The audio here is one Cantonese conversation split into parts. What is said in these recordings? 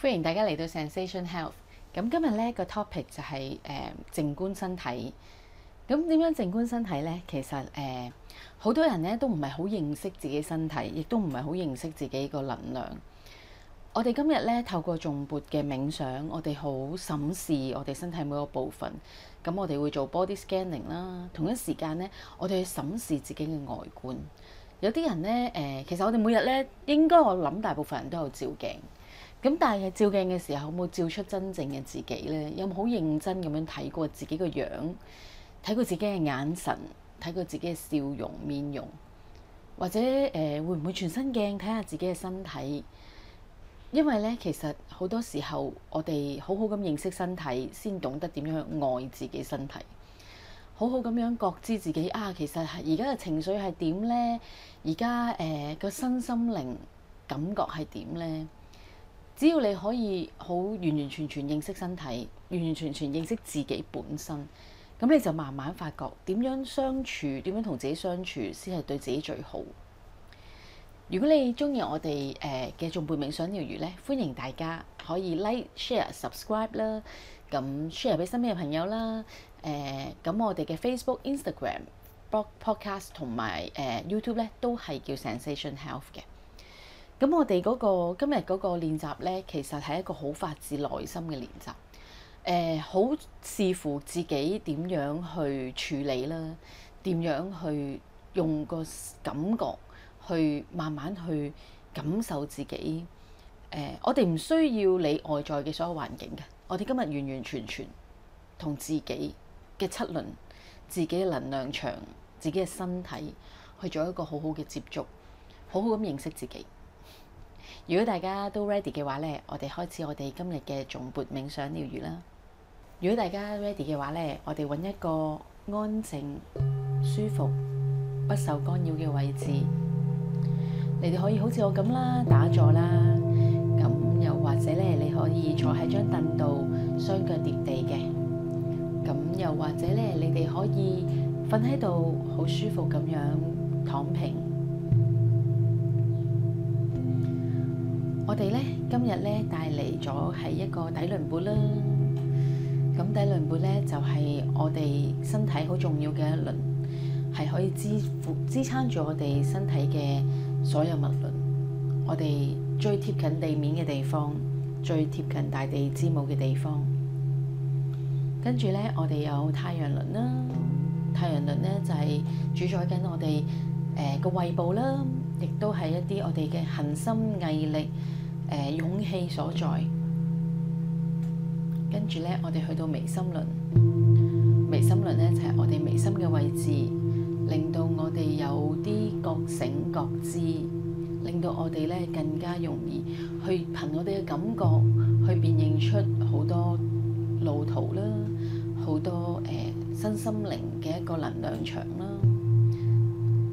歡迎大家嚟到 Zensation Health。咁今日咧個 topic 就係誒靜觀身體。咁、嗯、點樣靜觀身體呢？其實誒好、呃、多人咧都唔係好認識自己身體，亦都唔係好認識自己個能量。我哋今日咧透過頌缽嘅冥想，我哋好審視我哋身體每個部分。咁我哋會做 body scanning 啦。同一時間咧，我哋去審視自己嘅外觀。有啲人咧誒、呃，其實我哋每日咧應該我諗大部分人都有照鏡。咁但係照鏡嘅時候，有冇照出真正嘅自己呢？有冇好認真咁樣睇過自己個樣，睇過自己嘅眼神，睇過自己嘅笑容、面容，或者誒、呃、會唔會全身鏡睇下自己嘅身體？因為呢，其實好多時候我哋好好咁認識身體，先懂得點樣愛自己身體。好好咁樣覺知自己啊，其實而家嘅情緒係點呢？而家誒個身心靈感覺係點呢？只要你可以好完完全全認識身體，完完全全認識自己本身，咁你就慢慢發覺點樣相處，點樣同自己相處先係對自己最好。如果你鍾意我哋誒嘅頌缽冥想療癒咧，歡迎大家可以 like、share、subscribe 啦，咁 share 俾身邊嘅朋友啦。誒、呃，咁我哋嘅 Facebook、Instagram、呃、播 Podcast 同埋誒 YouTube 咧，都係叫 Zensation Health 嘅。咁我哋嗰、那個今日嗰個練習呢，其實係一個好發自內心嘅練習。誒、呃，好視乎自己點樣去處理啦，點樣去用個感覺去慢慢去感受自己。呃、我哋唔需要你外在嘅所有環境嘅。我哋今日完完全全同自己嘅七輪、自己嘅能量場、自己嘅身體去做一個好好嘅接觸，好好咁認識自己。如果大家都 ready 嘅話呢，我哋開始我哋今日嘅頌缽冥想療癒啦。如果大家 ready 嘅話呢，我哋揾一個安靜、舒服、不受干擾嘅位置。你哋可以好似我咁啦，打坐啦。咁又或者呢，你可以坐喺張凳度，雙腳貼地嘅。咁又或者呢，你哋可以瞓喺度，好舒服咁樣躺平。我哋咧今日咧帶嚟咗係一個底輪缽啦，咁底輪缽咧就係、是、我哋身體好重要嘅一輪，係可以支支撐住我哋身體嘅所有物輪。我哋最貼近地面嘅地方，最貼近大地之母嘅地方。跟住咧，我哋有太陽輪啦，太陽輪咧就係、是、主宰緊我哋誒個胃部啦，亦都係一啲我哋嘅恒心毅力。勇氣所在，跟住呢，我哋去到眉心輪，眉心輪呢，就係、是、我哋眉心嘅位置，令到我哋有啲覺醒覺知，令到我哋呢更加容易去憑我哋嘅感覺去辨認出好多路途啦，好多誒身、呃、心靈嘅一個能量場啦。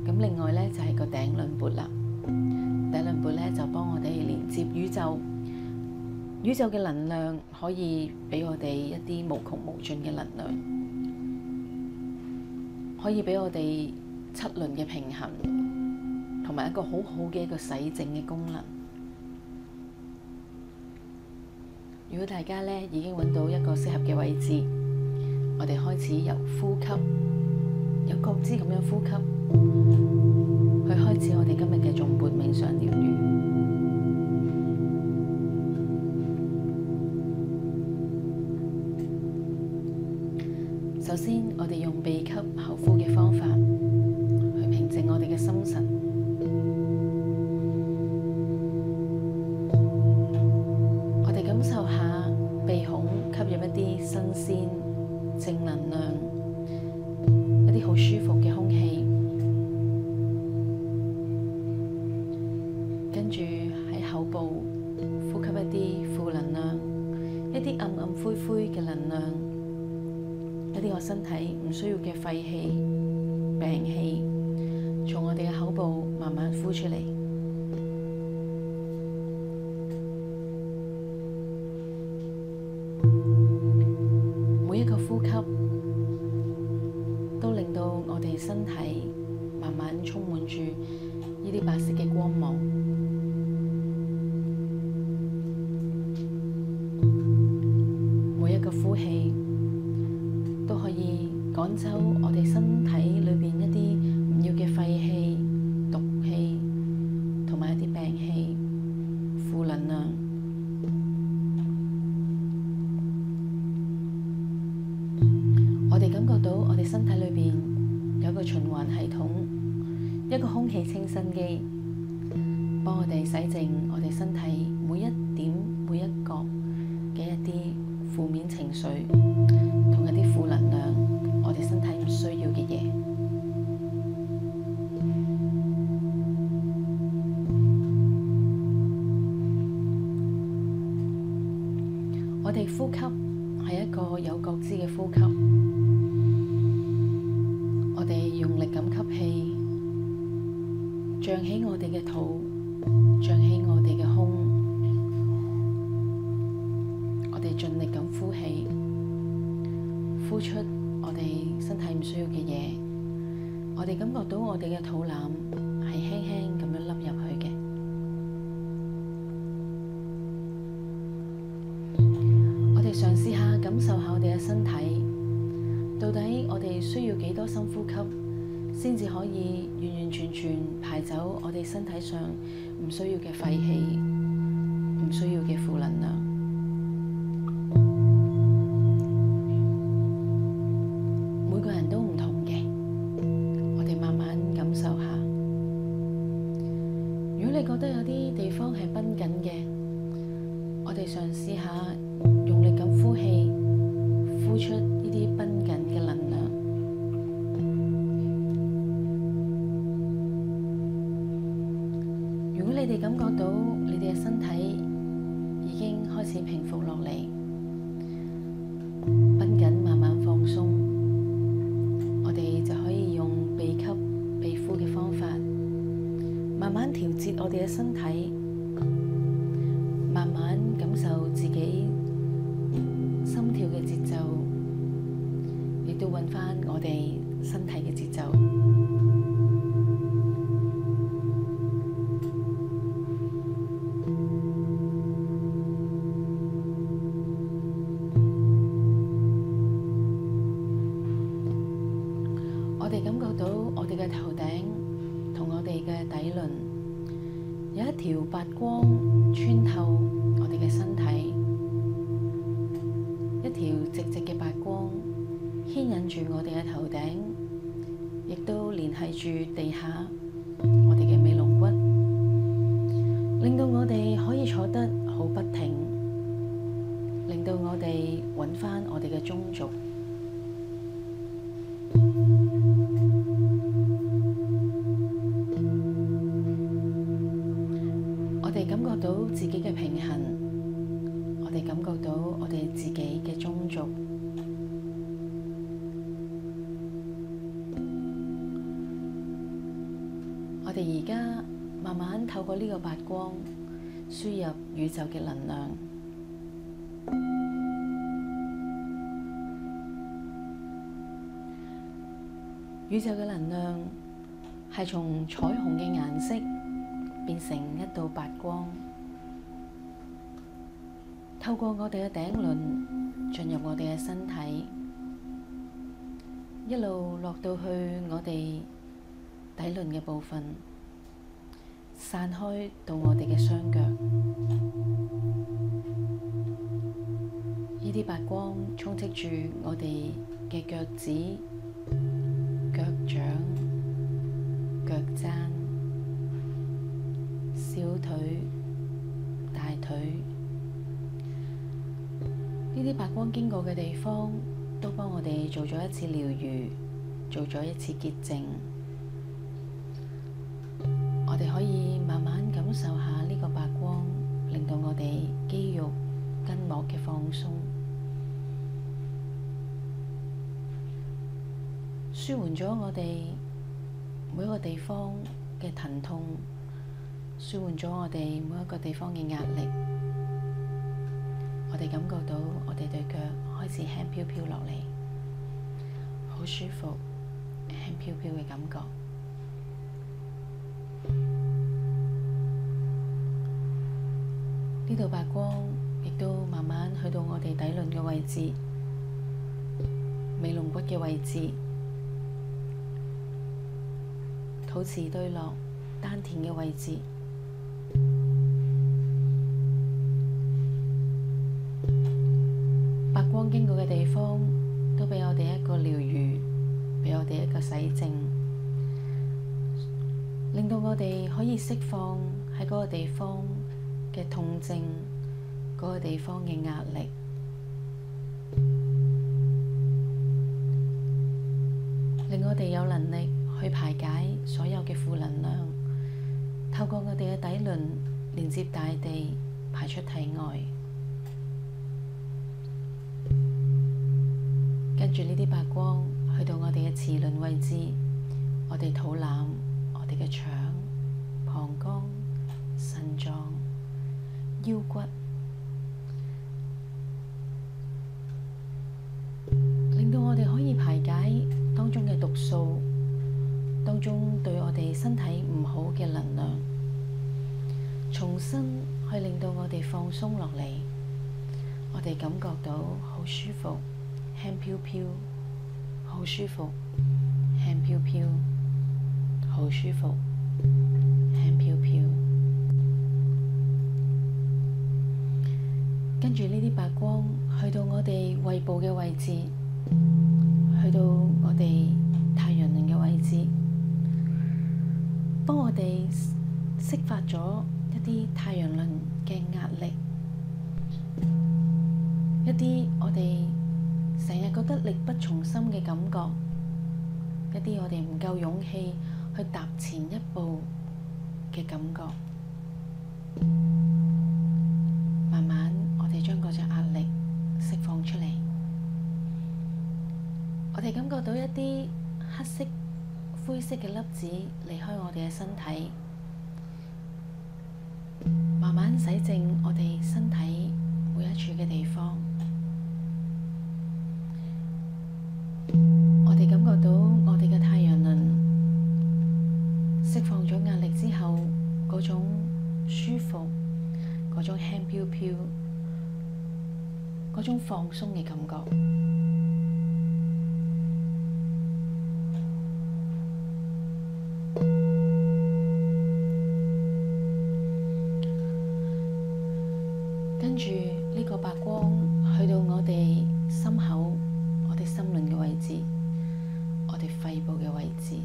咁另外呢，就係、是、個頂輪撥啦。第兩輪缽咧，就幫我哋連接宇宙，宇宙嘅能量可以俾我哋一啲無窮無盡嘅能量，可以俾我哋七輪嘅平衡，同埋一個好好嘅一個洗淨嘅功能。如果大家咧已經揾到一個適合嘅位置，我哋開始由呼吸，由覺知咁樣呼吸。去開始我哋今日嘅頌缽冥想療癒。首先，我哋用鼻吸口呼嘅方法去平靜我哋嘅心神。我哋感受下鼻孔吸入一啲新鮮正能量，一啲好舒服嘅。呼出嚟，每一個呼吸都令到我哋身體慢慢充滿住呢啲白色嘅光芒。每一個呼氣都可以趕走我哋身體裏邊一啲唔要嘅廢氣。系統一個空氣清新機，幫我哋洗淨我哋身體每一點、每一角嘅一啲負面情緒，同一啲負能量我，我哋身體唔需要嘅嘢。我哋呼吸係一個有覺知嘅呼吸。脹起我哋嘅肚，脹起我哋嘅胸，我哋盡力咁呼氣，呼出我哋身體唔需要嘅嘢，我哋感覺到我哋嘅肚腩係輕輕咁樣凹入去嘅，我哋嘗試下感受下我哋嘅身體，到底我哋需要幾多深呼吸？先至可以完完全全排走我哋身體上唔需要嘅廢氣、唔需要嘅負能量。每個人都唔同嘅，我哋慢慢感受下。如果你覺得有啲地方係繃緊嘅，我哋嘗試下用力咁呼氣，呼出呢啲繃緊嘅。你哋感覺到你哋嘅身體已經開始平復落嚟，繃緊慢慢放鬆，我哋就可以用鼻吸鼻呼嘅方法，慢慢調節我哋嘅身體。我哋感覺到我哋嘅頭頂同我哋嘅底輪有一條白光穿透我哋嘅身體，一條直直嘅白光牽引住我哋嘅頭頂，亦都連繫住地下我哋嘅尾龍骨，令到我哋可以坐得好筆挺，令到我哋揾翻我哋嘅宗族。而家慢慢透過呢個白光輸入宇宙嘅能量，宇宙嘅能量係從彩虹嘅顏色變成一道白光，透過我哋嘅頂輪進入我哋嘅身體，一路落到去我哋底輪嘅部分。散開到我哋嘅雙腳，呢啲白光充斥住我哋嘅腳趾、腳掌、腳踭、小腿、大腿，呢啲白光經過嘅地方，都幫我哋做咗一次療愈，做咗一次潔淨，我哋可以。舒緩咗我哋每一個地方嘅疼痛，舒緩咗我哋每一個地方嘅壓力。我哋感覺到我哋對腳開始輕飄飄落嚟，好舒服，輕飄飄嘅感覺。呢度白光亦都慢慢去到我哋底輪嘅位置、尾龍骨嘅位置。保持對落丹田嘅位置，白光經過嘅地方都畀我哋一個療愈，畀我哋一個洗淨，令到我哋可以釋放喺嗰個地方嘅痛症，嗰個地方嘅壓力，令我哋有能力去排解。所有嘅負能量，透過我哋嘅底輪連接大地，排出體外。跟住呢啲白光去到我哋嘅臍輪位置，我哋肚腩、我哋嘅腸、膀胱、腎臟、腰骨。令到我哋放鬆落嚟，我哋感覺到好舒服，輕飄飄，好舒服，輕飄飄，好舒服，輕飄飄。跟住呢啲白光去到我哋胃部嘅位置，去到我哋太陽輪嘅位置，幫我哋釋放咗。我哋成日覺得力不從心嘅感覺，一啲我哋唔夠勇氣去踏前一步嘅感覺，慢慢我哋將嗰隻壓力釋放出嚟。我哋感覺到一啲黑色、灰色嘅粒子離開我哋嘅身體，慢慢洗淨我哋身體每一處嘅地方。種放鬆嘅感覺，跟住呢個白光去到我哋心口、我哋心輪嘅位置、我哋肺部嘅位置，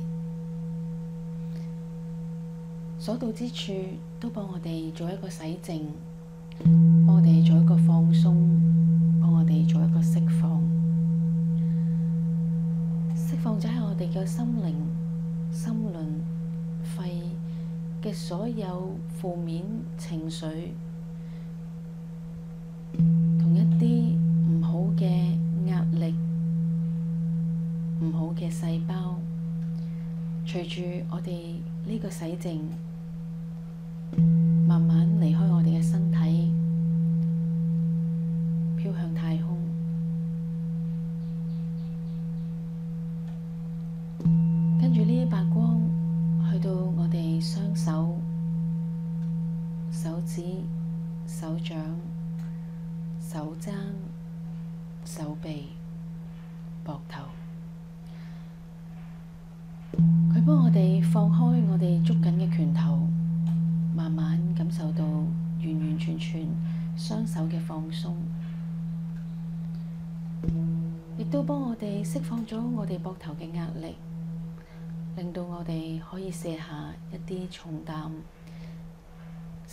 所到之處都幫我哋做一個洗淨，幫我哋做一個放鬆。控制喺我哋嘅心靈、心輪、肺嘅所有負面情緒，同一啲唔好嘅壓力、唔好嘅細胞，隨住我哋呢個洗淨。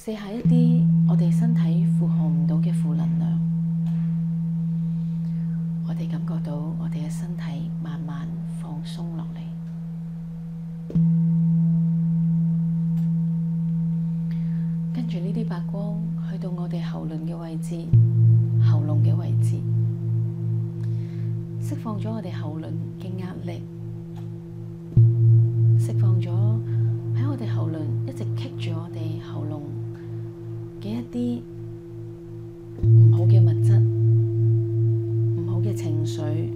卸下一啲我哋身體負荷唔到嘅負能量，我哋感覺到我哋嘅身體慢慢放鬆落嚟，跟住呢啲白光去到我哋喉輪嘅位置、喉嚨嘅位置，釋放咗我哋喉輪嘅壓力，釋放咗喺我哋喉輪一直棘住我哋喉嚨，一啲唔好嘅物質，唔好嘅情緒。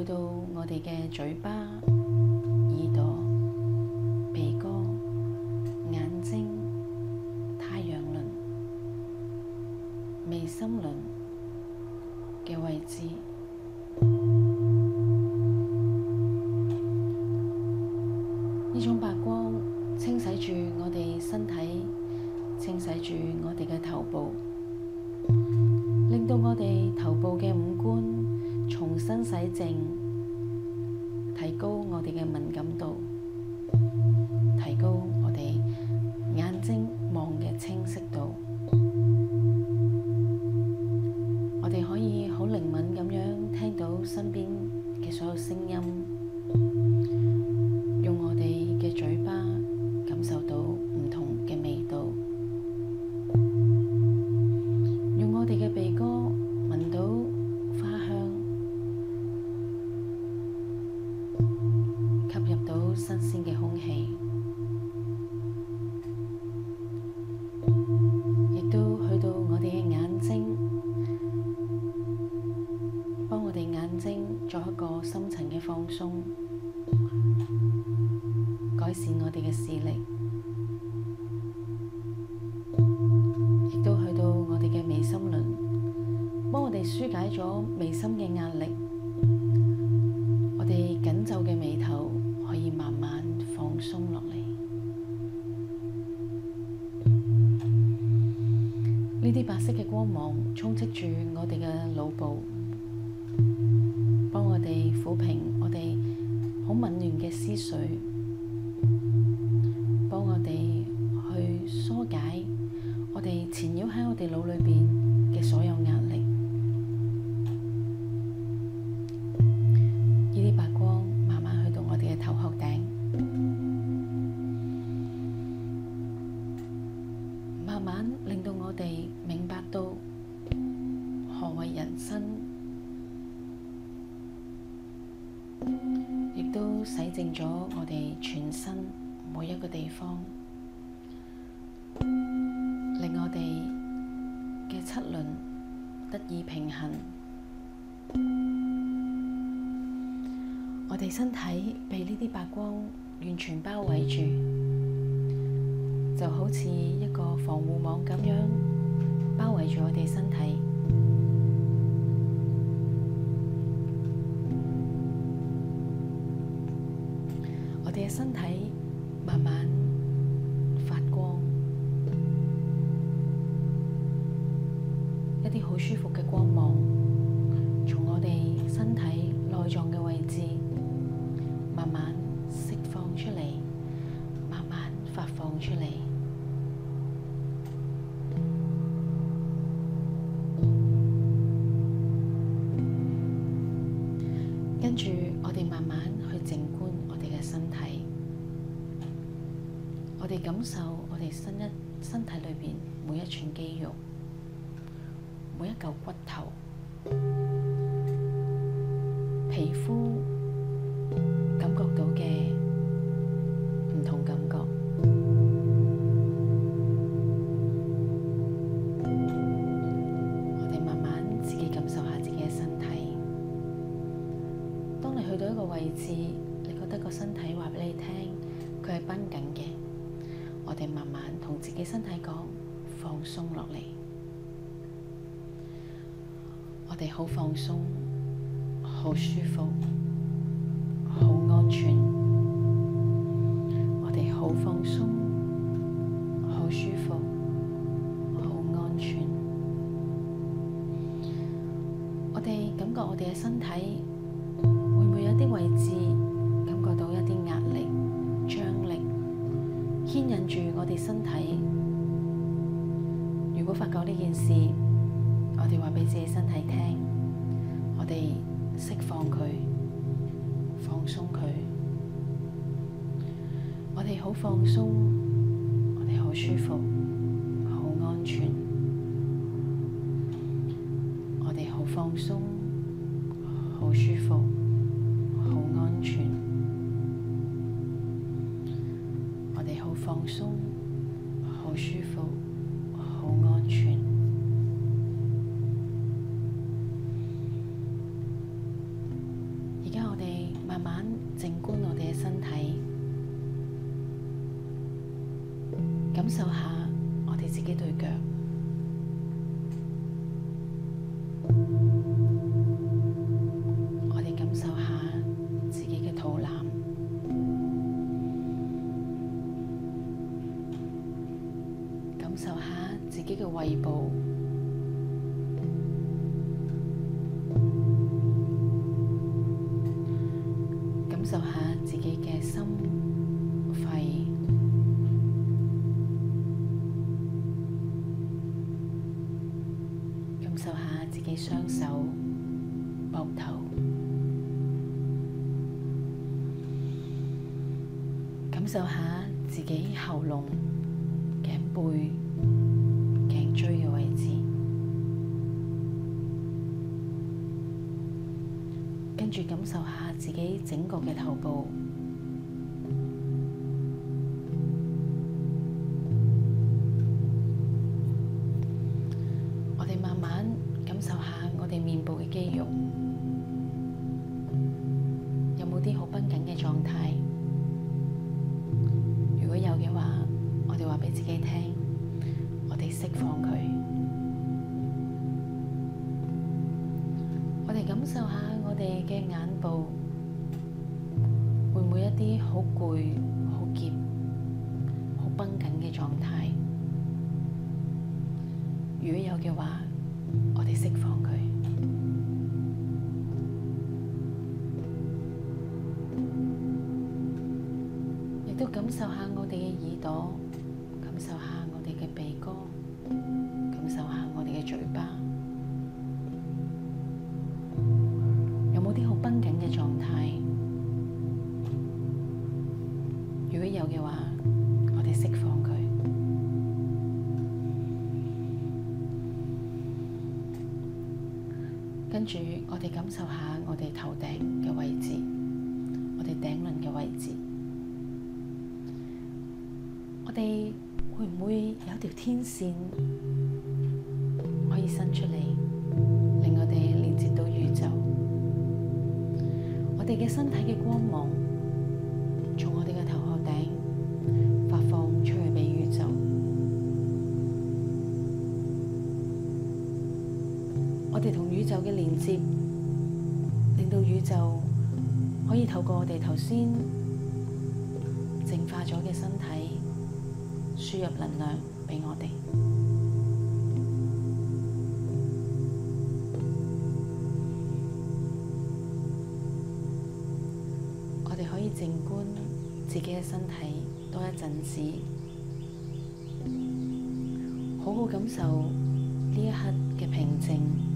去到我哋嘅嘴巴。充斥住我哋嘅腦部，幫我哋撫平我哋好紊亂嘅思緒。七輪得以平衡，我哋身體被呢啲白光完全包圍住，就好似一個防護網咁樣包圍住我哋身體。我哋嘅身體。跟住，我哋慢慢去靜觀我哋嘅身體，我哋感受我哋身一身體裏邊每一寸肌肉、每一嚿骨頭、皮膚。好舒服，好安全，我哋好放鬆，好舒服，好安全，我哋感覺我哋嘅身體。放鬆，我哋好舒服，好安全。我哋好放鬆，好舒服，好安全。我哋好放鬆，好舒服，好安全。而家我哋慢慢。感受下我哋自己對腳。感受下自己喉嚨、頸背、頸椎嘅位置，跟住感受下自己整個嘅頭部。嘅眼部會唔會一啲好攰、好澀、好繃緊嘅狀態？如果有嘅話，我哋釋放佢，亦都感受下我哋嘅耳朵，感受下我哋嘅鼻哥。我哋感受下我哋頭頂嘅位置，我哋頂輪嘅位置，我哋會唔會有一條天線可以伸出嚟，令我哋連接到宇宙？我哋嘅身體嘅光芒。嘅連接，令到宇宙可以透過我哋頭先淨化咗嘅身體輸入能量畀我哋。我哋可以靜觀自己嘅身體多一陣子，好好感受呢一刻嘅平靜。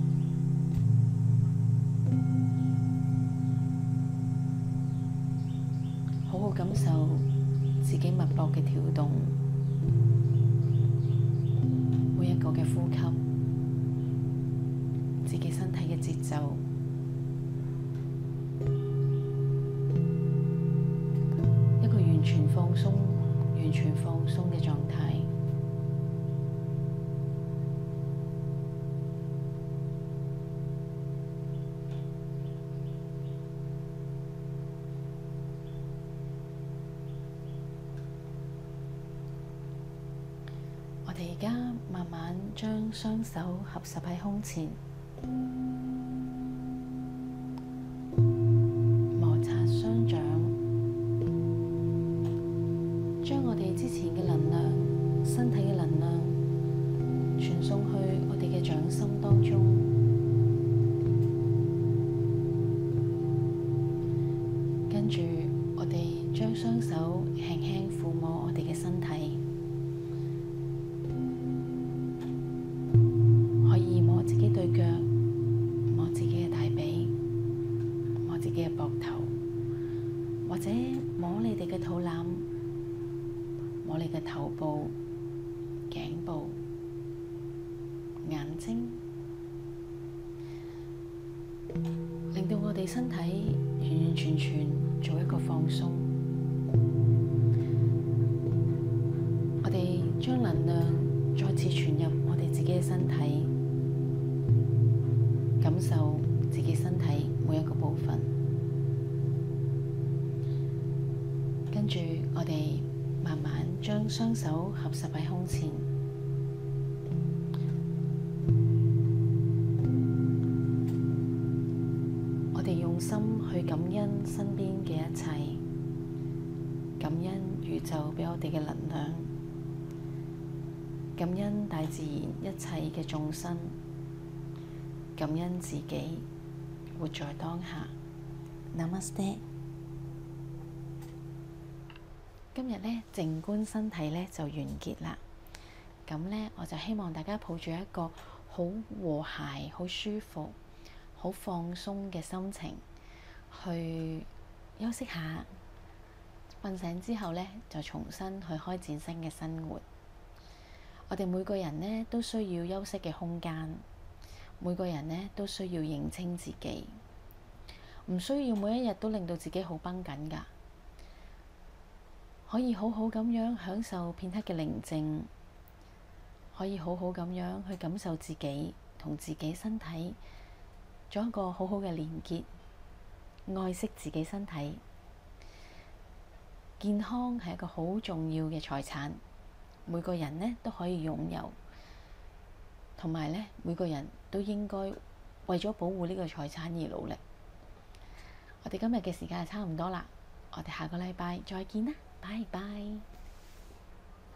感受自己脈搏嘅跳動，每一個嘅呼吸，自己身體嘅節奏。將雙手合十喺胸前，摩擦雙掌，將我哋之前嘅能量，身體嘅能量，傳送去我哋嘅掌心當中。跟住，我哋將雙手輕輕撫摸我哋嘅身體。身體完完全全做一個放鬆，我哋將能量再次傳入我哋自己嘅身體，感受自己身體每一個部分，跟住我哋慢慢將雙手合十喺胸前。感恩身邊嘅一切，感恩宇宙俾我哋嘅能量，感恩大自然一切嘅眾生，感恩自己活在當下。Namaste. 今日呢靜觀身體呢就完結啦。咁呢，我就希望大家抱住一個好和諧、好舒服、好放鬆嘅心情。去休息下，瞓醒之後呢，就重新去開展新嘅生活。我哋每個人呢，都需要休息嘅空間，每個人呢，都需要認清自己，唔需要每一日都令到自己好繃緊㗎。可以好好咁樣享受片刻嘅寧靜，可以好好咁樣去感受自己同自己身體做一個好好嘅連結。愛惜自己身體，健康係一個好重要嘅財產，每個人呢都可以擁有，同埋呢，每個人都應該為咗保護呢個財產而努力。我哋今日嘅時間就差唔多啦，我哋下個禮拜再見啦，拜拜。